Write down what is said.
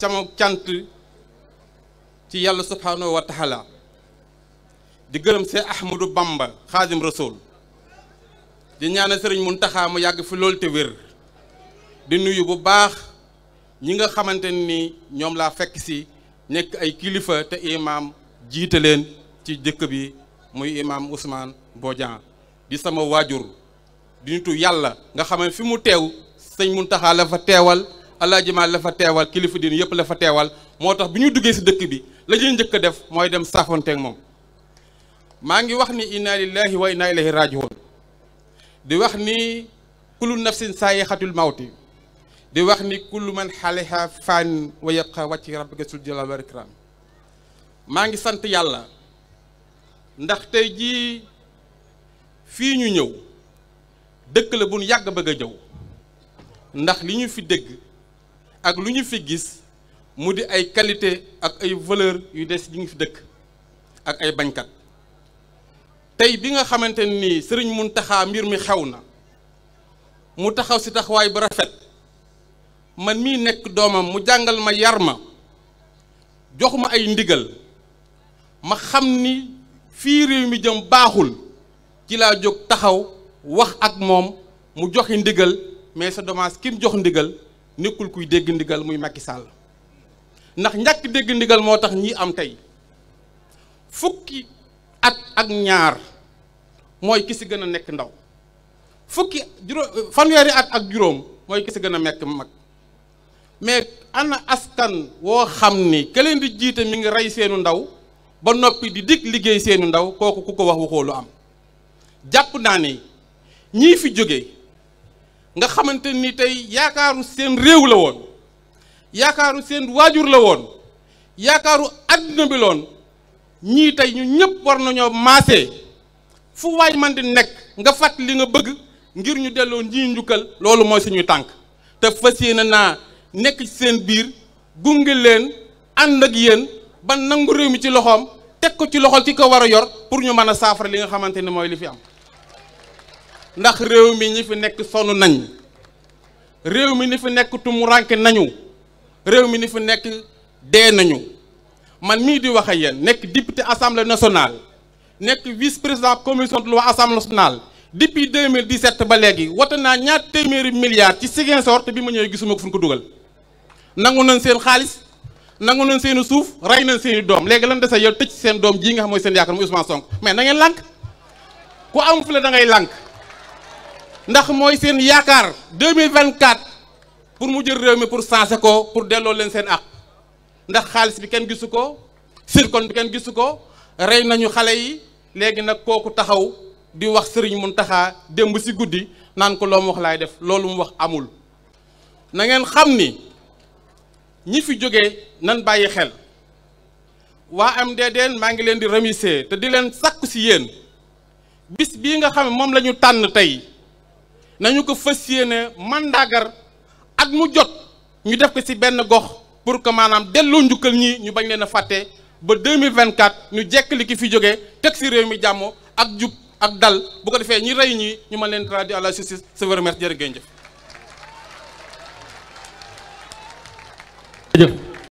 sama cant ci yàlla subhaanahu wa di gërëm see Ahmadou Bamba xaadim rasool di ñaanal sëriñ taxaa mu yàgg fi loolu te wér di nuyu bu baax ñi nga xamante ni ñoom laa fekk si nekk ay kilifa te imaam jiite leen ci jëkk bi muy imaam Ousmane Bodian di sama waajur di nitu yàlla nga xam fi mu teew sëñ Muntaxa la fa teewal alaaji Maalik la fa teewal kilifa diine yëpp la fa teewal moo tax bi ñu duggee ci dëkk bi lañuy ñuy njëkk a def mooy dem saafonteeg moom maa ngi wax ni inna lillahi wa inna ilayhi rajiun di wax ni kullu nafsin saayixatul mawti di wax ni ku kullu man xaleha faan wa yabqa wàcci rabbika sul jalal wal ikram maa ngi sant yàlla ndax tey jii fii ñu ñëw dëkk la bu nu yàgg bëgg a jëw ndax li ñu fi dégg ak lu ñu fi gis mu di ay qualité ak ay valeur yu des yi ngi fi dëkk ak ay bañkat tey bi nga xamante ni sëriñ mun Muntaxa mbir mi xew na mu taxaw si taxawaay bu rafet man mii nekk doomam mu jàngal ma yar ma jox ma ay ndigal ma xam ni fii réew mi jëm baaxul ci laa jóg taxaw wax ak moom mu joxe ndigal mais sa dommage ki mu jox ndigal nekkul kuy dégg ndigal muy makki sàll ndax ñàkk dégg ndigal moo tax ñii am tey fukki at ak ñaar mooy ki si gën a nekk ndaw fukki juróom fanweeri at ak juróom mooy ki si gën a mekk mag mais ana askan woo xam ni keleen leen di jiite mi ngi rey seenu ndaw ba noppi di dig liggéey seenu ndaw kooku ku ko wax waxoo lu am jàpp naa ne ñii fi jóge nga xamante ni tey yaakaaru seen réew la woon yaakaaru seen waajur la woon yaakaaru àdduna bi loon ñii tey ñu ñëpp war nañoo maase fu waay man di nekk nga fàtt li nga bëgg ngir ñu delloo ñii njukkal loolu mooy suñu tànk te fas yéene naa nekk ci seen biir gunge leen ànd ak yéen ba nangu réew mi ci loxoom teg ko ci loxol ci ko war a yor pour ñu mën a saafara li nga xamante ni mooy li fi am ndax réew mi ñi fi nekk sonn nañ réew mi ni fi nekk tumurànke nañu réew mi ni fi nekk dee nañu man mii di wax ak yéen nekk député assemblée nationale nekk vice président commission de loi assemblée nationale depuis 2017 ba léegi wote naa ñaar téeméeri milliards ci Ziguinchor te bi ma ñëwee gisuma ko fu ñu ko dugal nangu nañ seen xaalis nangu nañ seen suuf rey nañ seen i doom léegi lan dese yow tëj seen doom jii nga xam mooy seen yaakaar mooy Ousmane Sonko mais na ngeen lànk ku am fu da ngay lànk ndax mooy seen yaakaar 2024 pour mu jël réew mi pour sensé ko pour delloo leen seen àq ndax xaalis bi kenn gisu ko sirkon bi kenn gisu ko rey nañu xale yi léegi nag kooku taxaw di wax sëriñ mun Mountakha démb si guddi naan ko loo mu wax laay def loolu mu wax amul nangeen xam ni ñi fi jóge nan bàyyi xel waa MDDN maa ngi leen di remercier te di leen sàkku si yéen bis bii nga xam moom lañu tànn tey nañu ko fës fas ne mandagar ak mu jot ñu def ko ci benn gox pour que maanaam delloo njukkal ñii ñu bañ leen a fàtte ba 2024 ñu jekk li ki fi jógee teg ci réew mi jàmm ak jub ak dal bu ko defee ñi rey ñii ñu mën leen traduire à la justice je vous remercie jërë